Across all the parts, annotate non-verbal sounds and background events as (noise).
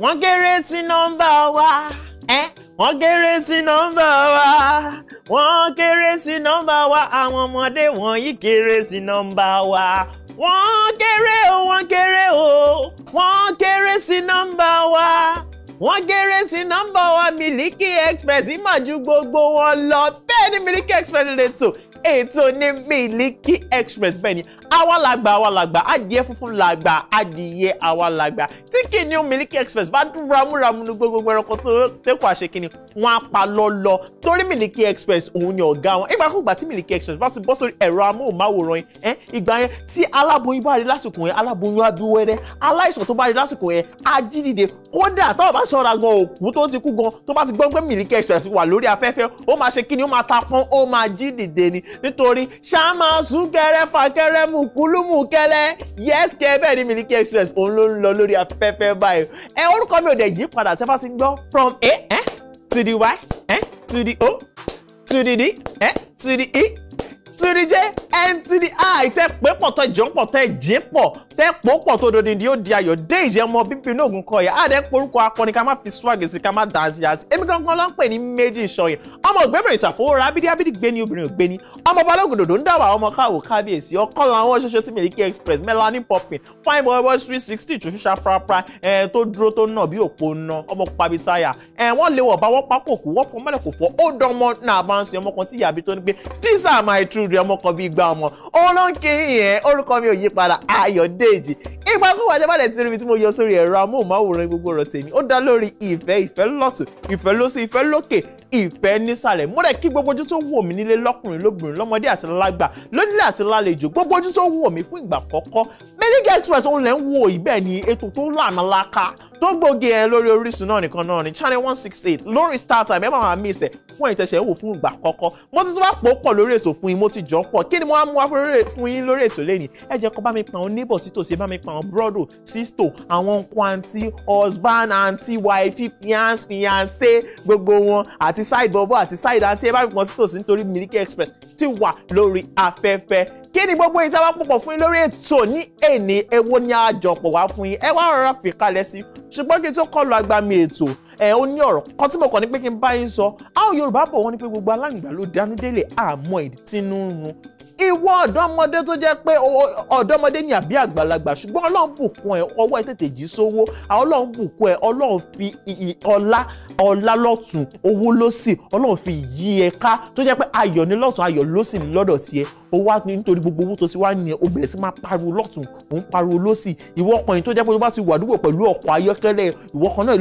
wọ́n kéré sí nọ́mbà wa wọ́n kéré sí nọ́mbà wa wọ́n kéré sí nọ́mbà wa àwọn ọmọdé wọ̀nyí kéré sí nọ́mbà wa wọ́n kéré o wọ́n kéré o wọ́n kéré sí nọ́mbà wa wọ́n kéré sí nọ́mbà wa Miliki Express ìmọ̀ ju gbogbo wọn lọ bẹ́ẹ̀ ni Miliki Express lè tò ètò ní Miliki Express bẹ́ẹ̀ ni àwa làgbà àwa làgbà adìẹ funfun lagba adìẹ àwa làgbà tí kìnìún Miliki Express bá dún ramúramú ní gbogbo ẹranko tó tẹ́kọ̀ọ́ àṣekínni wọn á pa lọ́lọ́ torí Miliki Express òun ni ọ̀gá wọn ìgbàkúgbà tí Miliki Express bá ti bọ́ sórí ẹ̀rọ amóhùnmáwòrán yẹn ìgbà yẹn tí aláboyún bá rí lásìkò yẹn aláboyún á bí wẹ́rẹ́ aláìsàn tó bá rí lásìkò yẹn á jí dìde kódà tó bá sọ̀rọ̀ gan òkú tó ti kú gan tó bá ti gbọ́ pé Miliki Express wà lórí afẹ́fẹ́ ó máa ṣe kíni ó máa ta pọ́n ó máa jí ni nítorí ṣáà máa sún kẹrẹ́fà kẹrẹ́mú mùkúlùmù kẹlẹ yes kẹ bẹ́ẹ̀ ni Miliki Express òun ló ń lọ lórí afẹ́fẹ́ báyìí ẹ orúkọ mi ò dẹ̀ yí padà tẹ́ bá gbọ́ from a eh, to the y eh, to the o to the d eh, to the e to the j n to the i tẹ́ pé pọ̀ tọ́ jẹun pọ̀ tẹ́ jẹ́ pọ̀ tẹ́ pò pọ̀ tó dòdì ni ó di ayọ̀ dé ìjẹ́ ọmọ bíbí inú ògùn kọ̀ọ̀yà àdẹ́ porúkọ akọni ká má fi swag sí ká má dance yas èmi gangan ló ń pè ní méjì ìṣọyìn ọmọ ògbébìnrin ìtàfowórà abídí abídí gbé ní obìnrin ògbé ní ọmọ balógun dòdò ń dàwà ọmọ káwò kábíyèsí ọkọ làwọn ṣoṣo tí Miliki Express Melanie Poppin fine boy boy three sixty ìtúnṣiṣà prapra ẹ tó dúró tó nà bí òpó ná ọmọ pàbí táyà ẹ wọ́n lé wọ̀ bá wọ́n pápò kù wọ́n fọ mọ́lẹ̀ kò fọ́ ó dánmọ́ náà bá ń sin ọmọ kan tí ìyàbí tó ń gbé these are my true rẹ ọmọkọ bíi gba ọmọ òun ló ń kí yẹn orúkọ mi ò yí padà Ayọ̀dèjì ipa kó wájú bàdẹ tí ríbi tí mo yọ sórí ẹ̀rọ amóhùnmáwòrán gbogbo ọ̀rọ̀ tèmi ó dá lórí ìfẹ́ ìfẹ́ lọ́tùn ìfẹ́ lósì ìfẹ́ lókè ìfẹ́ nísàlẹ̀ mo rẹ̀ kí gbogbo ojú tó wò mí nílé lọ́kùnrin lóbìnrin lọ́mọdé àti lágbà lónílé àti lálejò gbogbo ojú tó wò mí fún ìgbà kọ́kọ́ Miliki Express òun lẹ́ ń wo ìbẹ́ẹ̀ ni ètò tó lànà láká tó gbòógì ẹ lórí Orísun náà nìkan náà ni channel one six eight lórí Startime ẹ máa máa mí ìsẹ̀ fún ìtẹ̀sẹ̀ wò fún ìgbà kọ́kọ́ mo ti tún bá pòópọ̀ lórí ètò fún yín mo ti ti jọ pọ̀ kí ni mo wá mú wá fún yín lórí ètò lẹ́nìí ẹ jẹ́ kó bá mi pa àwọn neighbor sí tòsí bá mi pa àwọn brodo sisto àwọn kwanti husband aunty wife fiance fiance gbogbo wọn àti side bobo àti side aunty ẹ bá mi pọ̀ sí tòsí nítorí Miliki Express ti wà lórí afẹ́fẹ́ kí ni gbogbo yìí tá a wá pọ̀pọ̀ fún yín lórí ètò ní èní èwo ni a jọ pọ̀ wá fún yín ẹ wá rọra fi kalẹ̀ sí ṣùgbọ́n kí n tó kọlu agbami ètò ẹ ó ní ọ̀rọ̀ kan tí mo kàn ní pé kí n bá yín sọ àwọn Yorùbá bọ̀ wọ́n ní pé gbogbo aláǹgbá ló àmọ́ ìdí tí ń run ìwọ ọ̀dọ́mọdé tó jẹ́ pé ọ̀dọ́mọdé ni àbí àgbàlagbà ṣùgbọ́n ọlọ́run bùkún ẹ ọwọ́ ẹ tètè jí sówó ọlọ́run bùkún ẹ ọlọ́run fi ọlá ọlá lọ́tún owó lọ́sì ọlọ́run fi yí ẹ ká tó jẹ́ pé ayọ̀ ní lọ́tún ayọ̀ lọ́sì ní lọ́dọ̀ tiẹ̀ nítorí gbogbo owó tó ti wá ní o bẹ̀rẹ̀ sí máa pariwo lọ́tún òun pariwo lọ́sì ìwọ ọkùnrin tó jẹ́ pé o bá ti wà dúpọ̀ pẹ̀lú ọkọ̀ ayọ́kẹ́lẹ́ ìwọ kan náà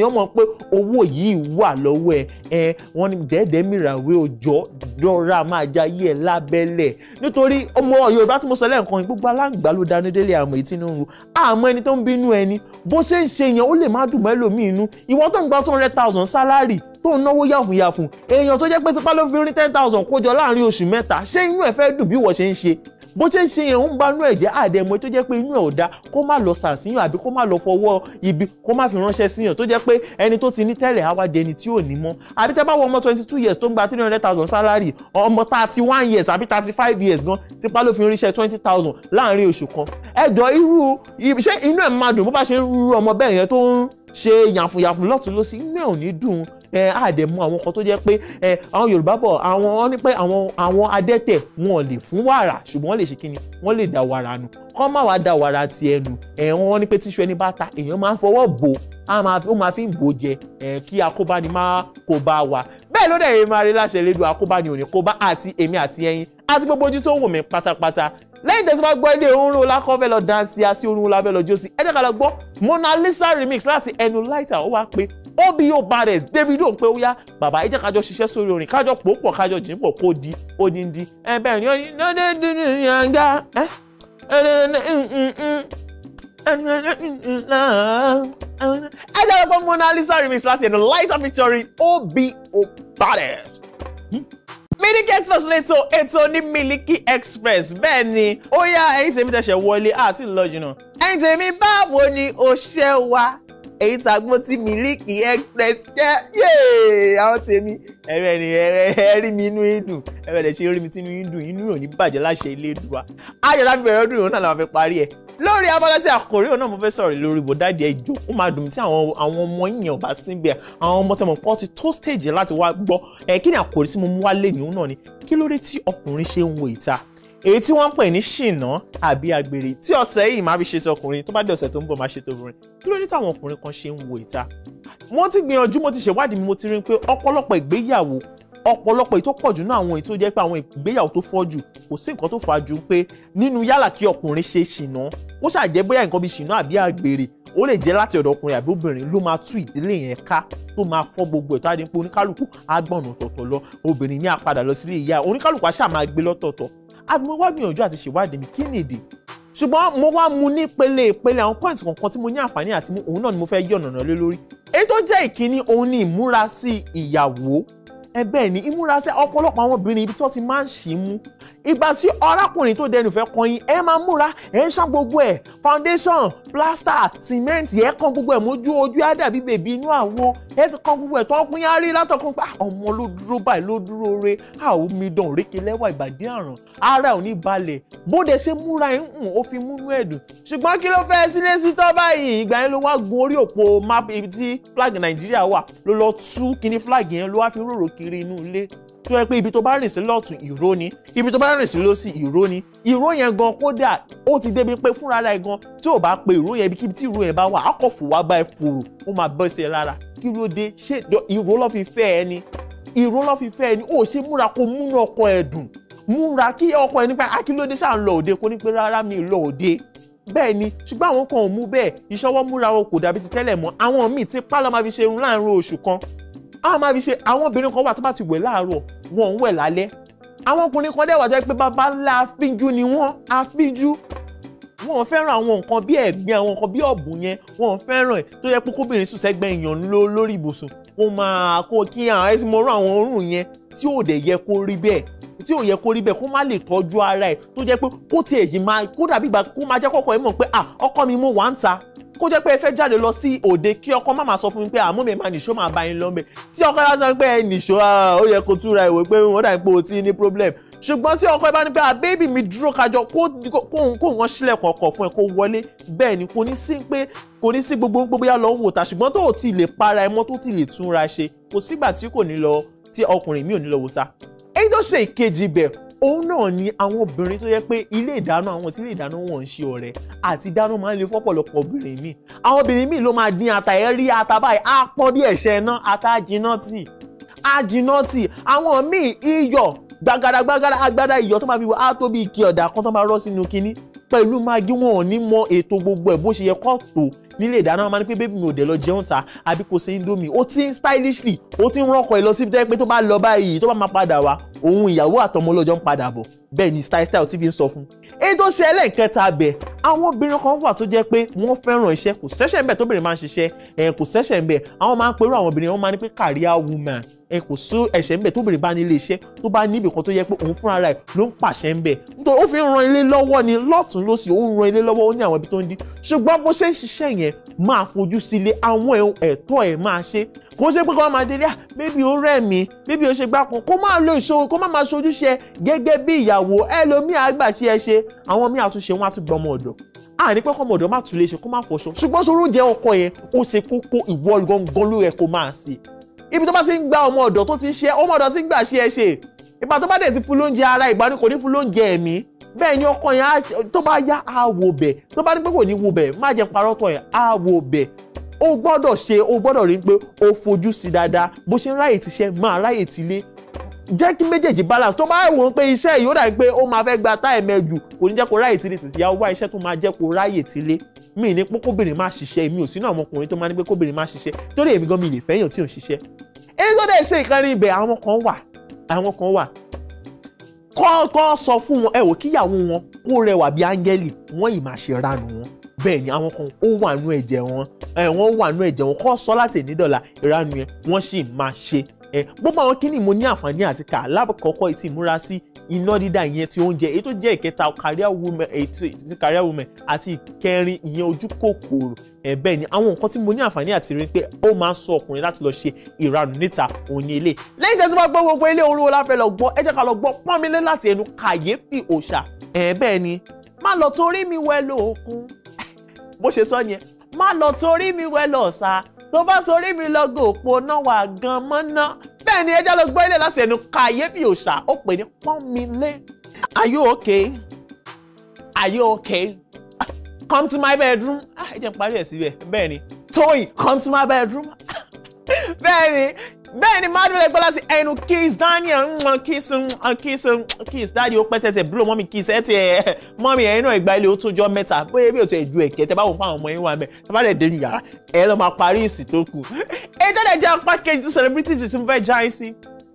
ló máa lọ́wọ́ ẹ ẹ wọ́n ní dẹ́ẹ̀dẹ́ mìràwé òjò dọ́ra máa já yí ẹ lábẹ́lẹ̀ nítorí ọmọ Yorùbá tí mo sọ lẹ́ẹ̀kan gbogbo aláǹgbá ló dánú délé àmọ́ èyí inú ru àmọ́ ẹni tó ń bínú ẹni bó ṣe ń ṣe yẹn ó lè má dùn mẹ́lòmíì inú ìwọ tó ń gba two hundred thousand salary tó ń náwó yàfùyàfù èèyàn tó jẹ́ pé sípá ló fi rí ten thousand kójọ láàrin oṣù mẹ́ta ṣé inú ẹ̀ fẹ́ dùn bí wọ́n ṣe ń ṣe bó ṣe ń ṣe yẹn ń banú ẹ̀jẹ̀ àdẹ̀mọ́ tó jẹ́ pé inú ẹ̀ ò da kó má lọ sàṣìyàn àbí kó má lọ fọwọ́ ibi kó má fi ránṣẹ́ síyàn tó jẹ́ pé ẹni tó ti ní tẹ́lẹ̀ á wá di ẹni tí ò ní mọ́ àbí tẹ́ bá wọ ọmọ twenty two years tó ń gba three hundred thousand salary ọmọ thirty one years àbí thirty five years gan tipá ló fi ríṣẹ́ twenty thousand láàrin oṣù kan ẹ̀jọ̀ irú ṣé inú ẹ̀ máa dùn bó bá ṣe ń rú ọmọ bẹ́ẹ̀ yẹn tó ń ṣe yànfùyànfù lọ́tún lọ́sí inú ẹ̀ ò ní dùn àdẹ̀mú àwọn kan tó jẹ́ pé àwọn Yorùbá bọ̀ àwọn wọn ní pé àwọn àwọn adẹ́tẹ̀ wọn lè fún wàrà ṣùgbọ́n wọ́n lè ṣe kíni wọ́n lè da wàrà nù kọ́ má wàá da wàrà ti ẹnu ẹ̀wọ̀n wọn ní pé tíṣu ẹni bá ta èèyàn máa ń fọwọ́ bò ó máa fi ń bò jẹ kí akóbáni má kó bá wa bẹ́ẹ̀ ló dẹ̀ yìí máa rí láṣẹ lédu akóbáni òní kó bá àti èmi àti ẹ̀yin àti gbogbo ojú tó ń wò mí pátápátá lẹ́yìn tẹ̀sí máa gbọ́ ilé oorun ọ̀la kan fẹ́ lọ dansi àti oorun ọ̀la fẹ́ lọ jósì ẹ jẹ́ ká lọ gbọ́ Mona Lisa remix láti ẹnu láìta ó wá pé OBO Barrett Davido pé ó yá bàbá ẹ jẹ́ kájọ ṣiṣẹ́ sórí orin kájọ pòópọ̀ kájọ jìn pọ̀ kó di odindi ẹ bẹ́ẹ̀ ni ó ní lọ́dẹ dúdú yànga ẹ ẹ jẹ́ lọ́pọ̀ Mona Lisa remix láti ẹnu lighter featuring OBO Barrett. Miliki Express leto ètò ní Miliki Express bẹ́ẹ̀ ni ó yá ẹ̀yin tèmi tẹ̀sẹ̀ wọlé àti lọ́jọ́ náà ẹ̀yin tèmi báwo ni o ṣe wá èyí tàgbọ́n tí Miliki Express jẹ́ yéé àwọn tèmi ẹ̀rẹ́ ni ẹ̀rẹ́ rí mi inú ìdùn ẹ̀rẹ́ rẹ̀ ṣe rí mi tínú ìdùn inú ò ní bàjẹ́ láṣẹ ilé ìdùwà ayọ̀ láti bẹ̀rẹ̀ ọdún ìrọ̀ náà làwọn fẹ́ parí ẹ̀ lórí abala tí àkòrí ọ̀nà mo fẹ́ sọ̀rọ̀ lórí bòdáàdì ẹjọ́ ó máa dùn mí tí àwọn àwọn ọmọ yìnyín ọ̀bá síbi ẹ̀ àwọn ọmọ tẹmọ̀ pọ̀ ti tó stage láti wá gbọ́ ẹ̀ kí ni àkòrí tí mo mú wá lé nìyún náà ni kí ló dé tí ọkùnrin ṣe ń wo ìta èyí tí wọ́n ń pè ní ṣìnà àbí àgbèrè tí ọ̀sẹ̀ yìí máa fi ṣètò ọkùnrin tó bá dé ọ̀sẹ̀ tó ń bọ̀ máa ṣètò obìnrin kí ló dé táwọn ọkùnrin kan ṣe ń wo ìta wọ́n ti gbìyànjú mo ti ṣèwádìí mi mo ti rí pé ọ̀pọ̀lọpọ̀ ìgbéyàwó ọ̀pọ̀lọpọ̀ èyí tó pọ̀jù náà àwọn èyí tó jẹ́ pé àwọn ìgbéyàwó tó fọ́jù kò sí nǹkan tó fà á ju pé nínú yálà kí ọkùnrin ṣe ṣìnà ó ṣàjẹ́ bóyá nǹkan bíi ṣìnà àbí àgbèrè ó lè jẹ́ láti ọ̀dọ̀ ọkùnrin àbí obìnrin ló máa tú ìdílé yẹn ká tó máa fọ́ gbogbo ẹ̀ tó á di pé oníkálukú á gbọ̀nà ọ̀tọ̀ọ̀tọ̀ lọ obìnrin ní á padà lọ sílé ìyá oníkálukú á ṣáà máa gbé lọ́tọ̀ọ̀tọ̀ mo wá gbìyànjú àti ṣèwádìí mi kí ni ìdí ṣùgbọ́n mo wá mu ní ìpele ìpele àwọn pọ́ìntì kọ̀ọ̀kan tí mo ní àǹfààní àti mú òun náà ni mo fẹ́ yọ̀nàná lé lórí èyí tó jẹ́ ìkíní òun ni ìmúra sí ìyàwó ẹgbẹ́ ní ìmúrasẹ́ ọ̀pọ̀lọpọ̀ àwọn obìnrin ibi tí wọ́n ti máa ń ṣì í mú ìgbà tí ọ̀rákùnrin tó dẹnu fẹ́ kọyìn ẹ máa múra ẹ ń ṣán gbogbo ẹ̀ foundation plaster cement ẹ kan gbogbo ẹ̀ mójú ojú á dàbí bèbí inú àwo ẹ ti kan gbogbo ẹ̀ tó ń pín yárí látọkùn pé ah, ọmọ ló dúró báyìí ló dúró re a ò mi dàn òrékè lẹ́wà ìbàdí àrùn ara ò ní balẹ̀ bóde ṣe múra ẹ̀ ń hùn ó fi múnú ẹ̀dùn ṣùgbọ́n kí ló fẹ́ sílé sí tọ́ báyìí ìgbà yẹn ló wá gun orí òpó map ibi tí flag Nàìjíríà wà ló lọ tú kíní flag yẹn ló wá fi rorò kí káàkiri inú ilé tó yẹ pé ibi tó bá rìn sí lọ́tún ìró ni ibi tó bá rìn sí lọ́sì ìró ni ìró yẹn gan kódà ó ti débi pé fúnra rẹ̀ gan tí ò bá pe ìró yẹn ibikíbi tí ìró yẹn bá wà á kọ̀ fò wá bá ẹ fòrò ó máa bọ́ sí ẹ lára kí ló dé ṣé ìró lọ́ fi fẹ́ ẹ ni ìró lọ́ fi fẹ́ ẹ ni ó ṣe múra kó múnú ọkọ ẹ dùn múra kí ọkọ ẹ nípa akílódé ah, ṣáà ń lọ òde kó ní rárá mi lọ òde bẹ́ẹ̀ ni ṣùgbọ́n àwọn kan ò mú bẹ́ẹ̀ ìṣọwọ́ múra wọn kò dàbí ti tẹ́lẹ̀ mọ́ àwọn míì ti pálọ́ máa fi ṣe irun oṣù kan a máa fi ṣe àwọn obìnrin kan wà tó bá ti wẹ̀ láàárọ̀ wọn ń wẹ̀ lálẹ́ àwọn ọkùnrin kan dẹ̀ wà tó yẹ pé bàbá ńlá afínjú ni wọ́n afínjú wọn fẹ́ràn àwọn nǹkan bí ẹ̀gbin àwọn nǹkan bí ọ̀bùn yẹn wọn fẹ́ràn ẹ̀ tó yẹ pé kóbìnrin sùn sẹ́gbẹ́ èèyàn lórí ibùsùn kó máa kó kí àwọn ẹ̀sìn mọ́rọ́ àwọn òórùn yẹn tí ò dẹ̀ yẹ kó rí bẹ́ẹ̀ tí ò yẹ kó rí bẹ́ẹ̀ kó má lè tọ́jú ara ẹ̀ tó jẹ́ pé kó tiẹ̀ yìí máa kó dàbí ìgbà kó máa jẹ́ kọ́kọ́ ẹ̀ mọ̀ pé ah ọkọ mi mo wà ń ta kó jẹ́ pé ẹ fẹ́ jáde lọ sí òde kí ọkọ má máa sọ fún mi pé àmú mi máa nìṣó máa bá yín lọ́nbẹ̀ tí ọkọ yá sọ pé ẹ nìṣó ó yẹ kó túra ìwé pé wọ́n dà pé o ti ní problem ṣùgbọ́n tí ọkọ ẹ bá ní pé àbẹ́bí mi dúró kájọ kó nǹkan sílẹ̀ kọ̀ọ̀kan fún ẹ kó wọlé bẹ́ẹ̀ ni kò ní sí pé kò ní sí gbogbo gbogbo yá lọ wò ta ṣùgbọ́n tó o ti lè para ẹ mọ́ tó ti lè túnra ṣe kò sígbà tí kò ní lọ tí ọkùnrin mi ò ní lọ wò ta èyí tó ṣe ìkejì bẹ̀ òun náà ni àwọn obìnrin tó yẹ pé ilé ìdáná àwọn tí ilé ìdáná wọn ń ṣe ọ̀rẹ́ àti ìdáná máa ń le fọ́pọ̀lọpọ̀ obìnrin míì àwọn obìnrin míì ló máa dín ata ẹ rí ata báyìí á pọ́n bí ẹ̀ṣẹ̀ náà ata jiná tì á jiná tì àwọn míì iyọ̀ gbàgàdà gbàgàdà agbádá iyọ̀ tó máa fi wọ á tó bí ike ọ̀dà kan tó máa rọ́ sínú kinní pẹ̀lú magi wọn ò ní mọ ètò gbogbo ẹ̀ bó ṣe yẹ kó tó nílé ìdáná máa ní pé bébí mi ò dẹ̀ lọ jẹun ta àbí kò ṣe indomie ó ti ń stylishly ó ti ń rọ́kọ̀ ẹ̀ lọ síbi tó yẹ pé tó bá lọ báyìí tó bá máa padà wá òun ìyàwó àtọmọ ọlọ́jọ́ ń padà bọ̀ bẹ́ẹ̀ ni style style tv ń sọ fún. èyí tó ṣe ẹlẹ́ẹ̀kẹta bẹ̀ àwọn obìnrin kan wà tó jẹ́ pé wọ́n fẹ́ràn iṣẹ́ kò sẹ́sẹ̀ ń bẹ̀ tóbìnrin máa ń ṣiṣẹ́ kò sẹ́sẹ̀ ń bẹ̀ àwọn máa ń perú àwọn obìnrin wọn máa ń pè career woman kò sí ẹ̀ṣẹ̀ ń bẹ̀ tóbìnrin bá ní iṣẹ́ tó bá ní ibìkan tó yẹ pé òun fúnra rẹ̀ ló ń pàṣẹ ń bẹ̀ nítorí ó fi ń ran ilé lọ́wọ́ ni lọ́tún kó má máa ṣojúṣe gẹ́gẹ́ bí ìyàwó ẹlòmíì àgbàṣe ẹ ṣe àwọn míì àtúnṣe wọn á tún gbọmọ ọ̀dọ̀ àní pé kọ́mọ ọ̀dọ̀ má tún lè ṣe kó má fọṣọ ṣùgbọ́n sórí oúnjẹ ọkọ yẹn ó ṣe kókó ìwọ gangan ló yẹ kó máa ṣe ibi tó bá ti ń gba ọmọ ọ̀dọ̀ tó ti ń ṣe ọmọ ọ̀dọ̀ ti ń gbà ṣe ẹ ṣe ìgbà tó bá dẹ̀ ti fún lóúnjẹ ara ìgbà ni kò ní fún lóúnjẹ ẹ̀mí bẹ́ẹ̀ ni ọkọ yẹn tó bá yá á wo bẹ̀ tó bá ní pé kò ní wo bẹ̀ má jẹ́ parọ́ yẹn á wo bẹ̀ o gbọ́dọ̀ ṣe o gbọ́dọ̀ rí pé o fojú sí dáadáa bó ṣe ń ráyè ti máa ráyè ti jẹ́ kí méjèèjì balance tó bá wọ̀n pé iṣẹ́ yìí ó dàbí pé ó máa fẹ́ gba táìmù ẹ̀ jù kò ní jẹ́ kó ráyè tilé tètè ya wá iṣẹ́ tó máa jẹ́ kó ráyè tilé mi ní pé kóbìnrin má ṣiṣẹ́ mi ò sínú àwọn ọkùnrin tó máa ní pé kóbìnrin má ṣiṣẹ́ torí èmi gan mi lè fẹ́yàn tí ò ń ṣiṣẹ́ èyí tó dẹ̀ ṣe ìkànnì ibẹ̀ àwọn kan wà àwọn kan wà kọ́ńkọ́ sọ fún wọn ẹ wò kíyàwó wọn kó rẹwà bí áńgẹ́lì wọ́n ì máa ṣe ránù wọn bẹ́ẹ̀ ni àwọn kan ó wà nú ẹ̀jẹ̀ wọn ẹ̀ wọ́n wà nú ẹ̀jẹ̀ wọn kọ́ sọ láti ìnídọ̀la ìranu yẹn wọ́n sì máa ṣe ẹ gbogbo àwọn kíní mo ní àǹfààní àti kà lákọ̀ọ́kọ́ ètí ìmúra sí iná dídá ìyẹn ti oúnjẹ èyí tó jẹ́ ìkẹta career women èyí ti career women àti ìkẹrin ìyẹn ojú kòkòrò ẹ bẹ́ẹ̀ ni àwọn nǹkan tí mo ní àǹfààní àti rí pé ó máa ń sọ ọkùnrin láti lọ ṣe ìranù níta òun ní ilé lẹ́yìn tẹ́sí máa gbọ́ gbogbo ilé orúwó láfẹ́ lọ gbọ́ ẹ jẹ́ ká lọ gbọ́ pọ́nmilé láti ẹnu kàyéfì òòṣà ẹ bẹ́ẹ̀ ni má lọ torí mi wẹ́ lóòkun (laughs) bó ṣe sọ nìyẹn má lọ torí mi wẹ́ lọ́ọ̀sà tó bá torí mi lọ́gọ̀ òpó náà wà gan mọ́ná bẹ́ẹ̀ ni ẹja ló gbọ́ ilé láti ẹnu kàyéfì òòṣà ó pè ní pọ́nmilé are you okay are you okay come to my bedroom ah ẹ jẹ́ n parí ẹ̀ síbẹ̀ bẹ́ẹ̀ ni Tóyìn come to my bedroom (laughs) bẹ́ẹ̀ ni bẹ́ẹ̀ ni máa dúró gbọ́ láti ẹnu kiss daniel ń kiss ń kiss ń kiss dáàdi ó pẹ́ tẹ̀tẹ̀ blow mọ́mí kiss ẹ̀ tiẹ̀ mọ́mí ẹ̀yin náà ìgbà ilé ó tójọ́ mẹ́ta bóyá bí òtún ẹ̀jú ẹ̀kẹ́ tẹ bá wò fún àwọn ọmọ yín wà mẹ́ tẹ bá dẹ̀ dé yàrá ẹ̀ lọ́ máa parí ìsìn tó kù. ẹ jáde jẹ́ apá kejì celebrity tuntun fẹ́ já sí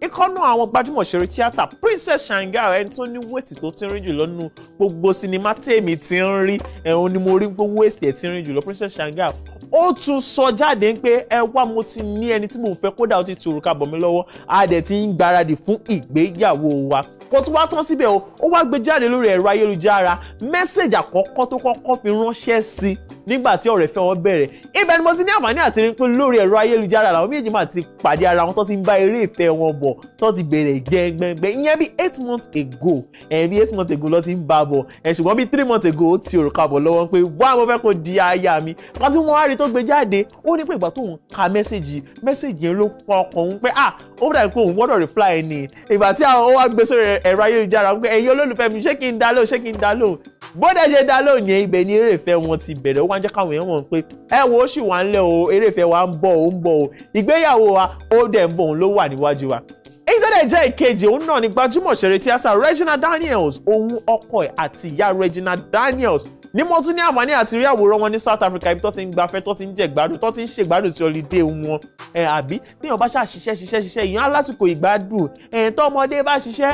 ìkọ́nà àwọn gbajúmọ̀ ṣeré tíátà Princess Shanghai ẹni tó ní wéètì tó ti ń rìn jùlọ nínú gbogbo sinimá tèmi ti ń rí ẹ̀hún ni mo rí gbogbo wéètì ẹ̀ ti rìn jùlọ Princess Shanghai ó tún sọ jáde pé ẹ wá mo ti ní ẹni tí mo fẹ́ kódà ó ti ti òrùka bọ̀ mí lọ́wọ́ a dẹ̀ ti ń gbáradì fún ìgbéyàwó wa kò tún wá tán síbẹ̀ o ó wá gbé jáde lórí ẹ̀rọ ayélujára mẹ́sẹ̀gì àkọ́kọ́ tó kọ́kọ́ fi ránṣẹ́ sí nígbà tí ọ̀rẹ́ fẹ́ wọn bẹ̀rẹ̀ ibẹ̀ ni mo ti ní àǹfààní àti rí pé lórí ẹ̀rọ ayélujára làwọn méjèèjì máa ti pàdé ara wọn tó ti ń bá eré ìfẹ́ wọn bọ̀ bọ̀ tó ti bẹ̀rẹ̀ gbẹ̀ngbẹ̀ngbẹ̀ ìyẹn bí eight months ago ẹ̀ bí eight months ago ló ti ń bá bọ̀ ẹ̀ ṣùgbọ́n bí three months ago ó ti òrùka bọ̀ lọ́wọ́ pé wá mo fẹ́ kó di aya mi kan tí wọ́n á rí tó gbé jáde ó ní pé ìgbà tóun ka mẹ́sẹ̀gì mẹ́sẹ̀gì yẹn ló fọ ọkàn òun pé ah ó dàbí pé òun gbọ́dọ̀ reply ni ìgbà tí àwọn ó wá gbé sórí ẹ̀rọ ayélujára pé ẹ̀yin olólùfẹ́ mi ṣé kí n dá lóhùn ṣé kí n dá lóhùn bóde ṣe dá lóhùn yẹn ibẹ̀ ni eré ìfẹ́ wọn ti bẹ̀rẹ̀ ó wá ń jẹ́ káwọn èèyàn mọ̀ pé ẹ wo ó sì wá ń lẹ̀ o eré ìfẹ́ wa ń bọ̀ ó ń bọ̀ ó ìgbéyàwó wa ó dẹ̀ ń bọ̀ òun ló wà níwájú wa tẹ́lẹ̀ jẹ́ ìkejì òun náà ni gbajúmọ̀ ṣeré tíátà Regina Daniels òun ọkọ ẹ̀ àti ìyá Regina Daniels ní mo tún ní àǹfààní àti rí àwòrán wọn ní South Africa ibi tó ti ń gbafẹ́ tó ti ń jẹ ìgbádùn tó ti ń ṣe ìgbádùn ti ọlídé wọn ẹ àbí téèyàn bá ṣáà ṣiṣẹ́ ṣiṣẹ́ ṣiṣẹ́ ìyẹn alásìkò ìgbádùn ẹ̀ tọ́mọdé bá ṣiṣẹ́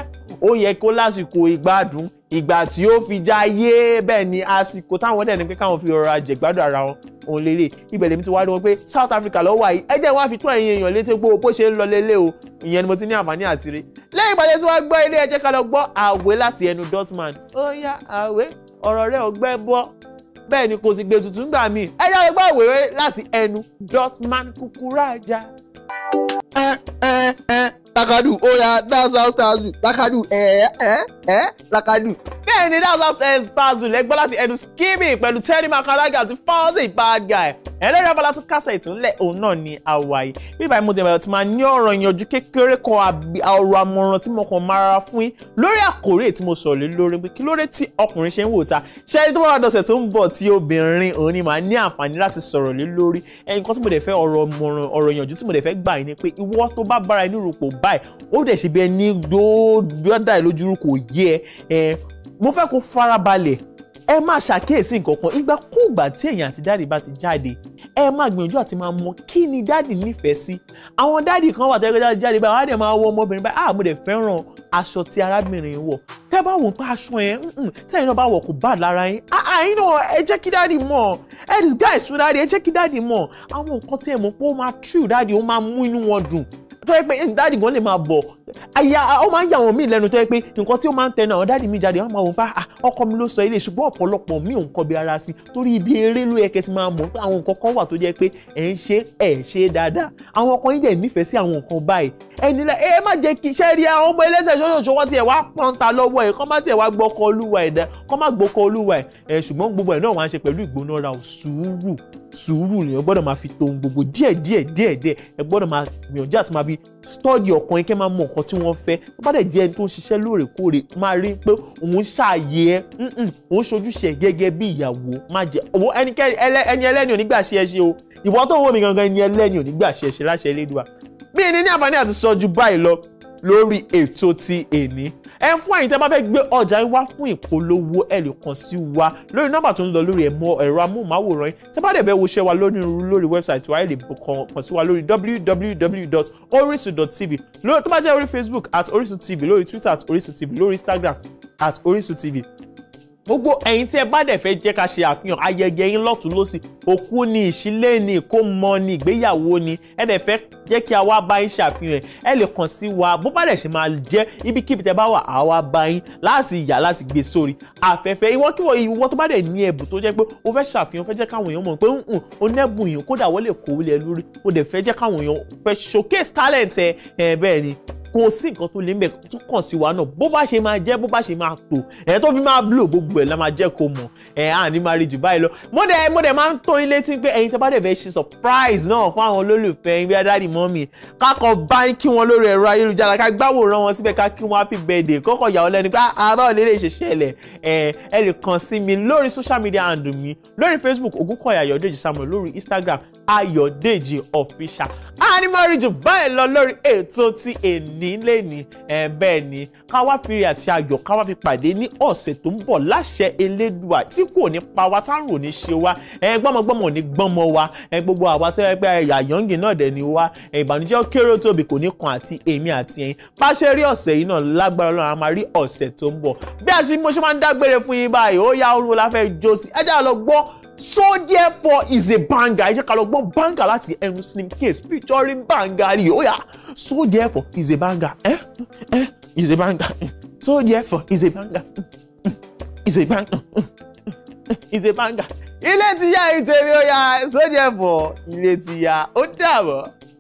ó yẹ kó lásìkò ìgbádùn ìgbà tí ó fi jáyé bẹ́ẹ̀ ni àsìkò táwọn dẹ̀ ni pé káwọn fi rọra jẹ̀gbádùn ara wọn òun lélẹ̀ ibẹ̀ lèmi ti wá rí wọn pé South Africa ló wà yìí ẹ jẹ́ wá fi tó ẹ̀yin èèyàn létí pé bó ṣe ń lọ lélẹ̀ o ìyẹn ni mo ti ní àǹfààní àti rí lẹ́yìn ìpàdé tí wọ́n gbọ́ ilé ẹ jẹ́ ká lọ gbọ́ àwé láti ẹnu Dotman ó yá àwé ọ̀rọ̀ rẹ̀ ò gbẹ́ bọ́ bẹ́ẹ̀ ni kò sì gbé tuntun gbà mí ẹ jẹ́ gbọ́ àwé láti ẹnu Dotman Kukuraja eh, eh, eh. Lakadu, ó oh yá, that's how stars do. Lakadu, eh, eh, eh. Lakadu, bẹ́ẹ̀ ni that's how stars rẹ̀ gbọ́ láti ẹnu skimming pẹ̀lú terry makaraga àti fountain bad guy ẹlẹ́rìí abala tó kásẹ̀ ìtúnlẹ̀ òun náà ni àwàyí bíbá ìmọ̀ tẹ̀wẹ̀ tí máa ní ọ̀rọ̀ ìyànjú kékeré kan ọ̀rọ̀ àmọ̀ràn tí mo kàn máa ra fún yín lórí àkòrí tí mo sọ̀rọ̀ lé lórí pé kí ló dé tí ọkùnrin ṣe ń wò ta ṣe ẹni tó bá wà dọ̀sẹ̀ tó ń bọ̀ tí obìnrin òun ni màá ní àǹfààní láti sọ̀rọ̀ lé lórí ẹnì kan tí mo dẹ̀ fẹ́ ọ̀rọ̀ mọ̀ràn ọ̀rọ̀ ìyànjú tí mo dẹ̀ fẹ́ gbà yín ni pé ìwọ tó bá bára ẹni rò pọ̀ báyìí mo fẹ́ kó farabalẹ̀ ẹ máa ṣàkíyèsí nǹkan kan ìgbàkúùgbà tí èèyàn àti dáàdì bá ti jáde ẹ máa gbìyànjú àti máa mọ kí ni dáàdì nífẹ̀ẹ́ sí àwọn dáàdì kan wà tẹ́lẹ̀ jáde báyìí àwọn àdè máa wọ ọmọbìnrin báyìí àmọ́ ah, dẹ̀ fẹ́ràn aṣọ tí arábìnrin wọ̀ tẹ́ bá wò pé aṣọ yẹn tẹ́yìn náà bá wọ̀ kò bá lára yín àyìn ah, ah, náà ẹ jẹ́ kí dáàdì mọ̀ ẹ eh, dis guy sun dáàdì ẹ jẹ́ kí dáàdì mọ̀ àwọn nǹkan tí ẹ mọ̀ pé ó máa tú dáàdì ó máa mú inú wọn dùn tó yẹ pé dáàdì gan lè máa bọ̀ àyà ó máa ń yà míì lẹ́nu tó yẹ pé nǹkan tí ó máa ń tẹnu àwọn dáàdì mi jáde wọn máa wọ bá ọkọ mi ló sọ ilé ṣùgbọ́n ọ̀pọ̀lọpọ̀ mi ò ń kọbi ara sí torí ibi eré ló yẹ kẹ́ ti máa mọ̀ pé àwọn nǹkan kan wà tó jẹ́ pé ẹ̀ ń ṣe ẹ̀ ṣe dáadáa àwọn ọkọ yín dẹ̀ nífẹ̀ẹ́ sí àwọn nǹkan báyìí ẹni ẹ má jẹ́ kí iṣẹ́ rí sùúrù lèèyàn gbọ́dọ̀ máa fi to ohun gbogbo díẹ̀ díẹ̀ díẹ̀ díẹ̀ ẹ gbọ́dọ̀ máa gbìyànjú àti máa fi stọ́ọ̀dì ọkàn yín kẹ́ máa mọ nǹkan tí wọ́n fẹ́ tó bá dẹ̀ jẹ́ ẹni tó ń ṣiṣẹ́ lóòrèkóòrè máa rí pé òun ṣàyè ẹ òun ṣojúṣe gẹ́gẹ́ bí ìyàwó má jẹ́ òwò ẹni ẹlẹ́ni ò ní gbà ṣe ẹ ṣe o ìwọ tó wò mí gangan ẹni ẹlẹ́ni ò ní gbà ṣe ẹ ṣe láṣẹ Elédùà bí ẹni ní àǹfààní àti sọ ju báyìí lọ lórí ètò ti èní ẹ fún àyìn tẹ́ bá fẹ́ gbé ọjà yín wá fún ìpolówó ẹ lè kàn sí wa lórí nọ́mbà tó ń lọ lórí ẹ̀mọ ẹ̀rọ amóhùnmáwòrán yín tẹ́ bá dẹ̀ bẹ́ wo ṣẹ́ wa lórí lórí wẹ́bsáìtì wa ẹ lè kàn sí wa lórí www.orisun.tv lórí tó bá jẹ́ orí Facebook at orisu TV lórí Twitter at orisu TV lórí Instagram at orisu TV gbogbo ẹ̀yin tí ẹ bá dẹ̀ fẹ́ jẹ́ ká ṣe àfihàn ayẹyẹ yín lọ́tún lọ́sì òkú ni ìṣílé ni ìkómọ ni ìgbéyàwó ni ẹ dẹ̀ fẹ́ jẹ́ kí a wá bá yín ṣàfihàn ẹ lè kàn sí wa bó bá dẹ̀ ṣe máa jẹ́ ibikíbi tẹ́ bá wà á wá bá yín láti yà láti gbé sórí afẹ́fẹ́ ìwọ kíwọ ìwọ tó bá dẹ̀ ní ẹ̀bùn tó jẹ́ pé o fẹ́ ṣàfihàn fẹ́ jẹ́ káwọn èèyàn mọ̀ pé nǹkan o nẹ́bùn yìí kódà wọ́n lè kó lẹ lórí o showcase talent ẹ bẹ́ẹ̀ ni kò sí nǹkan tó lè ń bẹ̀ tó kàn sí wa náà bó bá ṣe máa jẹ́ bó bá ṣe máa tó ẹ̀ tó fi máa blow gbogbo ẹ̀ la máa jẹ́ kó mọ̀ ẹ̀ à ní máa rí jù báyìí lọ. mo dẹ̀ mo dẹ̀ máa ń tó yín létí pé ẹ̀yin tó bá dẹ̀ ṣe surprise náà fún àwọn olólùfẹ́ yín bí adáàdì mọ́mì kákọ̀ bá ń kí wọn lórí ẹ̀rọ ayélujára ká gbàwòrán wọn síbẹ̀ ká kí wọn happy birthday kọ́kọ̀ yà wọ́n pé àbá ò lérè ìṣẹ̀ṣẹ̀lẹ̀ social media and mi lórí Facebook Ògúnkọ̀yà Ayọ̀dèjì Samuel lórí Instagram Ayọ̀dèjì official. a ní máa rí jù báyìí lọ lórí ní lè ní ẹ ni ká wá fi ire àti ayọ̀ ká wá fi pàdé ní ọ̀sẹ̀ tó ń bọ̀ láṣẹ elédùà tí kò ní pa wá táwọn ò ní ṣe wá ẹ ní gbọ́mọ wa gbogbo àwa tó yẹ pé àyàngì náà dẹ̀ ni wá ìbànújẹ́ kéré tóbi kò ní kan àti èmi àti ẹ̀yin bá ṣe rí ọ̀sẹ̀ yìí náà lágbára Ọlọ́run a máa rí ọ̀sẹ̀ tó ń bọ̀ bí a ṣe mo ṣe máa ń dágbére fún yín báyìí ó yá orun la fẹ́ jó sí ẹ jẹ́ àlọ́ gbọ́ so therefore is a banger ẹ jẹ́ ká lọ gbọ́ banger láti ẹnu slim case featuring Bangari ó yá so therefore is a banger Eh, eh, is a banger so therefore is a banger is a banger is a banger ilé ti yá ìtẹ̀wé ó so therefore ilé ti yá ó dàbọ̀.